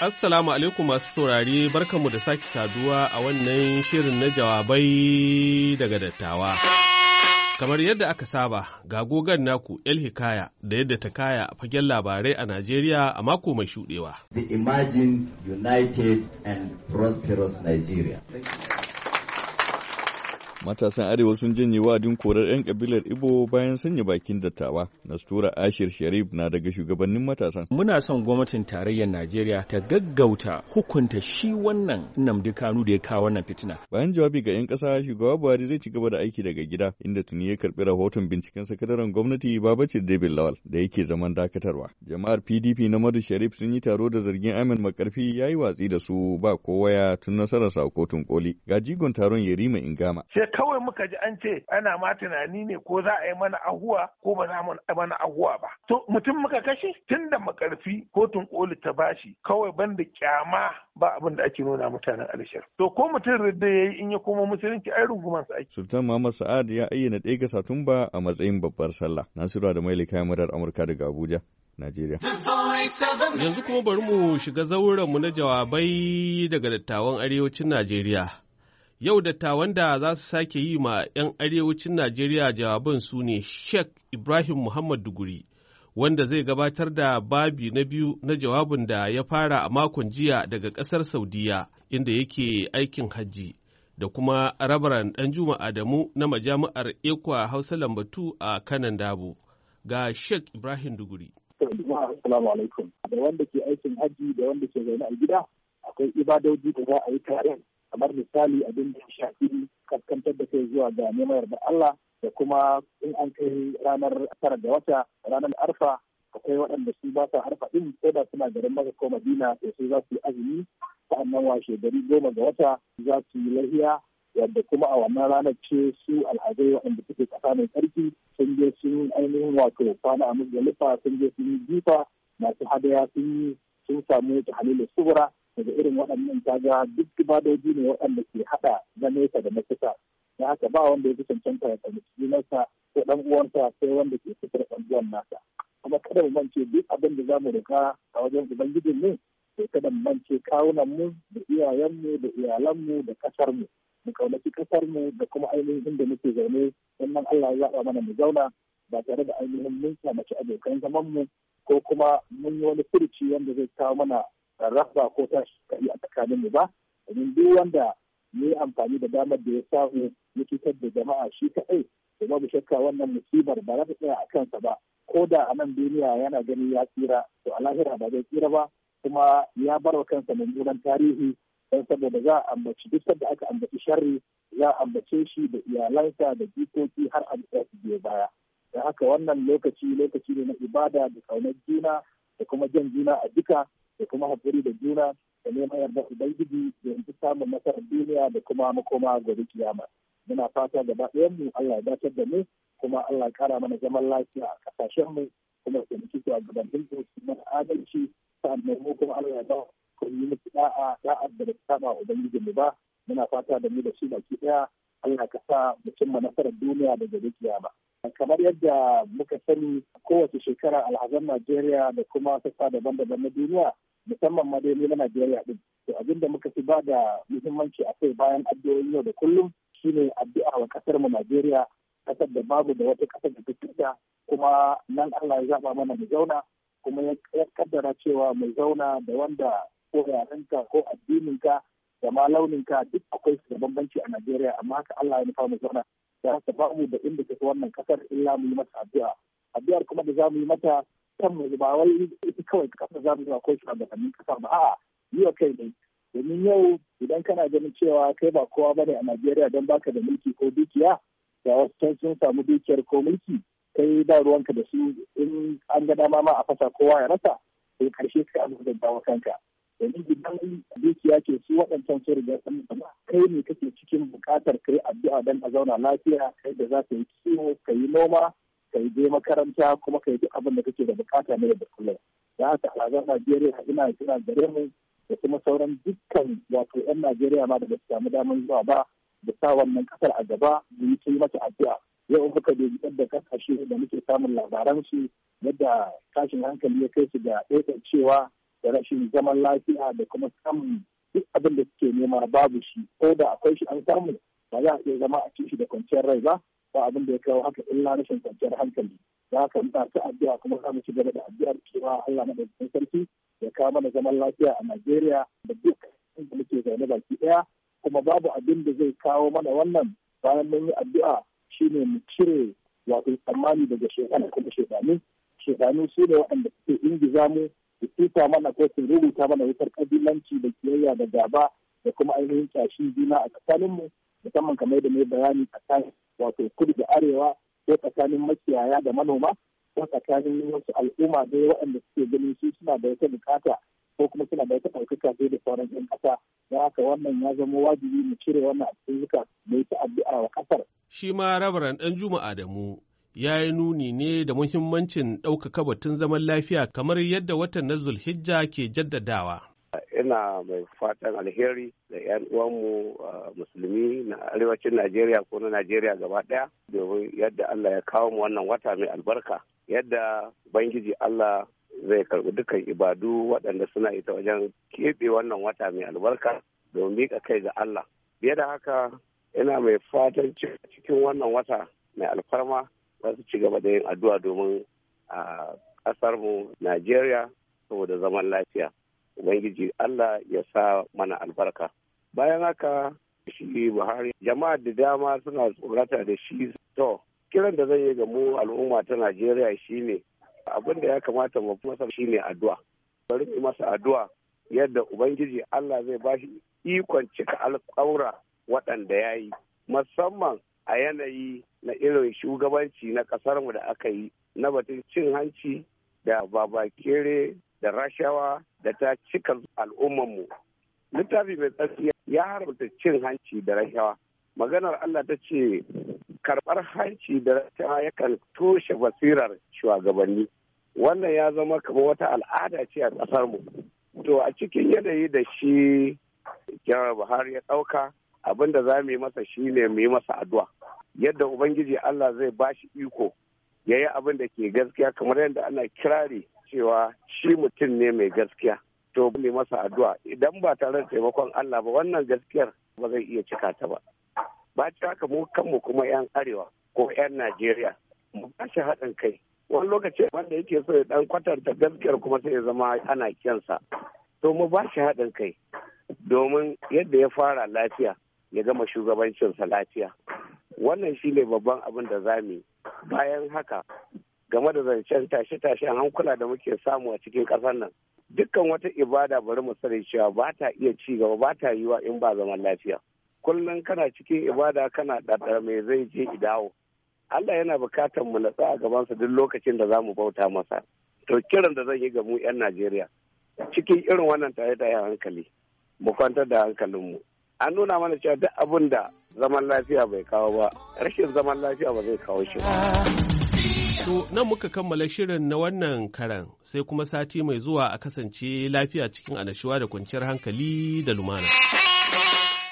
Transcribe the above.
Assalamu alaikum masu saurari, barkanmu da sake saduwa a wannan shirin na jawabai daga dattawa. Kamar yadda aka saba, ga gogan naku El Hikaya da yadda ta kaya fagen labarai a Najeriya a mako mai shuɗewa. The Imagine United and Prosperous Nigeria. Matasan Arewa sun janye wa'adin korar 'yan kabilar Ibo bayan sanya bakin dattawa. Nastura Ashir Sharif na daga shugabannin matasan. Muna son gwamnatin tarayyar Najeriya ta gaggauta hukunta shi wannan namdi Kanu da ya kawo wannan fitina. Bayan jawabi ga 'yan ƙasa, shugaba Buhari zai ci gaba da aiki daga gida inda tuni ya karɓi rahoton binciken sakataren gwamnati babacin David Lawal da yake zaman dakatarwa. Jama'ar PDP na Madu Sharif sun yi taro da zargin Amin Makarfi ya yi watsi da su ba kowaya tun nasarar sa kotun koli. Ga jigon taron yarima Ingama. kawai muka ji an ce ana ma tunani ne ko za a yi mana ahuwa ko ba za mu mana ahuwa ba to mutum muka kashe tun da makarfi kotun koli ta bashi kawai banda kyama ba abin da ake nuna mutanen alshar to ko mutum ya yi in ya koma musulunci ai rungumar sa ake sultan muhammad sa'ad ya ayyana ɗaya ga satumba a matsayin babbar sallah nasiru da maili kayan murar amurka daga abuja najeriya yanzu kuma bari mu shiga zauren mu na jawabai daga dattawan arewacin najeriya Yau dattawan da za su sake yi ma 'yan arewacin Najeriya jawaban su ne Sheikh Ibrahim Muhammad Duguri, wanda zai gabatar da babi na biyu na jawabin da ya fara a makon jiya daga ƙasar Saudiya inda yake aikin hajji, da kuma rabaran ɗan Juma Adamu na majami'ar Ekwa Hausa Lambatu a kanan Dabo. Ga Sheikh Ibrahim Duguri. Da wanda ke aikin hajji da wanda ke zaune a gida akwai ibadoji da za a yi tare kamar misali abin da ya shafi kaskantar da kai zuwa ga neman da Allah da kuma in an kai ranar tara da wata ranar arfa akwai waɗanda su ba arfa harfa ɗin ko da suna garin maka ko madina to su za su yi azumi sa'annan washe gari goma ga wata za su yi lahiya yadda kuma a wannan ranar ce su alhazai waɗanda suke ƙasa mai tsarki sun je sun ainihin wato kwana a musdalifa sun je sun yi jifa masu hadaya sun yi sun samu halilu subura daga irin waɗannan kaga duk ibadoji ne waɗanda ke haɗa na nesa da na da haka ba wanda ya fi cancanta ya tsanci junansa ko ɗan uwansa sai wanda ke fitar ɗan nasa kuma kada mu mance duk abin da za mu riga a wajen ubangijin mu sai kada mu mance kawunan mu da iyayenmu da iyalanmu da ƙasar mu mu kaunaci ƙasar mu da kuma ainihin da muke zaune sannan Allah ya zaɓa mana mu zauna ba tare da ainihin mun samaci abokan zaman mu ko kuma mun yi wani furuci wanda zai kawo mana rafa ko tashi a tsakanin mu ba domin duk wanda ya yi amfani da damar da ya samu ya cutar da jama'a shi kaɗai da babu shakka wannan musibar ba za ta tsaya a kansa ba ko da a nan duniya yana gani ya tsira to a lahira ba zai tsira ba kuma ya bar wa kansa mummunan tarihi don saboda za a ambaci duk da aka ambaci sharri za a ambace shi da iyalansa da jikoki har a biyo baya. da haka wannan lokaci lokaci ne na ibada da kaunar juna da kuma jan juna a duka da kuma haƙuri da juna da neman yarda ubangiji da yanzu samun nasarar duniya da kuma makoma gobe kiyama muna fata gaba ɗayan mu Allah ya dace da mu kuma Allah ya kara mana zaman lafiya a ƙasashen mu kuma taimaki su zuwa gaban dinsu su mana adalci sannan mu kuma Allah ya ba ku yi musu da'a da'a da ta saba ubangiji mu ba muna fata da mu da shi baki ɗaya Allah ka sa mu nasarar duniya da gobe kiyama kamar yadda muka sani kowace shekara alhazan najeriya da kuma sassa daban-daban na duniya musamman ma madaini na najeriya din to abin da muka fi ba da muhimmanci a kai bayan addu'o'in yau da kullum shine addu'a wa kasar mu najeriya kasar da babu da wata kasar da ta kuma nan allah ya zaba mana mu zauna kuma ya kaddara cewa mu zauna da wanda ko yarenka ko addininka da ma launinka duk akwai su da bambanci a najeriya amma haka allah ya nufa mu zauna da haka babu da inda take wannan kasar illa mu yi mata addu'a addu'ar kuma da za mu yi mata kan mu ba wai ita kawai kasar za mu yi akwai kamin kasar ba a'a yi wa kai ne domin yau idan kana ganin cewa kai ba kowa ba ne a Najeriya don baka da mulki ko dukiya da wasu sun samu dukiyar ko mulki kai ba ruwanka da su in an ga dama ma a fasa kowa ya rasa sai karshe kai a da dawo kanka domin idan dukiya ke su waɗancan sun riga sun mutu ba kai ne kake cikin buƙatar kai addu'a don a zauna lafiya kai da za ka yi kiwo ka yi noma ka yi je makaranta kuma ka yi duk abin da kake da buƙata na da kullum da haka al'adar najeriya ina kira gare mu da kuma sauran dukkan wato 'yan najeriya ma da ba su samu damar zuwa ba da sa wannan kasar a gaba mu yi mata addu'a yau muka dubi yadda kasashe da muke samun labaran su yadda tashin hankali ya kai su da ɗaukar cewa da rashin zaman lafiya da kuma samun duk abin da suke nema babu shi ko da akwai shi an samu ba za a iya zama a cikin shi da kwanciyar rai ba ba abin da ya kawo haka illa rashin kwanciyar hankali za ka muna ta addu'a kuma za mu ci gaba da addu'ar cewa Allah na ɗaukakin sarki ya kawo mana zaman lafiya a Najeriya da duk inda muke zaune baki ɗaya kuma babu abin da zai kawo mana wannan bayan mun yi addu'a shine mu cire wato tsammani daga shekara kuma shekaru shekaru su ne waɗanda suke ingiza mu su tuta mana ko su rubuta mana wutar kabilanci da kiyayya da gaba da kuma ainihin kyashin juna a tsakaninmu musamman kamar da mai bayani tsakanin wato kudu da arewa ko tsakanin makiyaya da manoma ko tsakanin wasu al'umma da waɗanda suke ganin su suna da wata bukata ko kuma suna da wata ɗaukaka sai da sauran 'yan ƙasa don haka wannan ya zama wajibi mu cire wannan a cikin zuka da ta addu'a wa ƙasar. Shi ma rabaran ɗan Juma'a da mu ya yi nuni ne da muhimmancin ɗaukaka batun zaman lafiya kamar yadda watan na Zulhijja ke jaddadawa. Ina mai fatan alheri da 'yan uwanmu uh, musulmi na arewacin Najeriya ko na Najeriya gaba ɗaya domin yadda Allah ya kawo mu wannan wata mai albarka. Yadda Ubangiji Allah zai karɓi dukkan ibadu waɗanda suna ita wajen keɓe wannan wata mai albarka domin miƙa kai ga Allah. Biye da haka ina mai fatan cikin wannan wata mai alfarma za su ci gaba da yin addu'a domin a ƙasarmu Najeriya saboda zaman lafiya. Ubangiji Allah ya sa mana albarka. Bayan haka shi Buhari jama'a da dama suna tsorata da shi to kiran da zai yi ga mu al'umma ta Najeriya shine abin da ya kamata mu masa shine addu'a. Bari mu masa addu'a yadda Ubangiji Allah zai bashi ikon cika alƙawura waɗanda ya yi musamman a yanayi na irin shugabanci na ƙasarmu da aka yi na batun cin hanci da babakere da rashawa da ta cika al'ummanmu. Littafi mai tsarki ya haramta cin hanci da rashawa. Maganar Allah ta ce karɓar hanci da rashawa yakan toshe basirar shugabanni. Wannan ya zama kamar wata al'ada ce a ƙasarmu. To a cikin yanayi da shi Jihar Buhari ya ɗauka abin da za mu yi masa shi ne mu yi masa addu'a. yadda ubangiji Allah zai bashi iko ya yi abin da ke gaskiya kamar yadda ana kirari cewa shi mutum ne mai gaskiya to ne masa addu'a idan ba tare da taimakon Allah ba wannan gaskiyar ba zai iya cika ta ba ba ci haka mu kanmu kuma yan arewa ko yan Najeriya mu ba shi haɗin kai wani lokaci wanda yake so ya dan kwatanta gaskiyar kuma sai ya zama ana kiyansa to mu ba shi haɗin kai domin yadda ya fara lafiya ya gama shugabancinsa lafiya wannan shi ne babban abin da za mu yi. bayan haka game da zancen tashe-tashen hankula da muke samu a cikin ƙasar nan dukkan wata ibada bari mu sani cewa ba ta iya ci gaba ba ta yiwa in ba zaman lafiya kullum kana cikin ibada kana ɗaɗa, mai zai je idawo Allah yana bukatar mu natsa a gabansa duk lokacin da za mu bauta masa to kiran da zan yi ga mu 'yan Najeriya cikin irin wannan tare da hankali mu kwantar da hankalinmu an nuna mana cewa duk abin da zaman lafiya bai kawo ba rashin zaman lafiya ba zai kawo shi To nan muka kammala shirin na wannan karan sai kuma sati mai zuwa a kasance lafiya cikin anashuwa da kwanciyar hankali da lumana.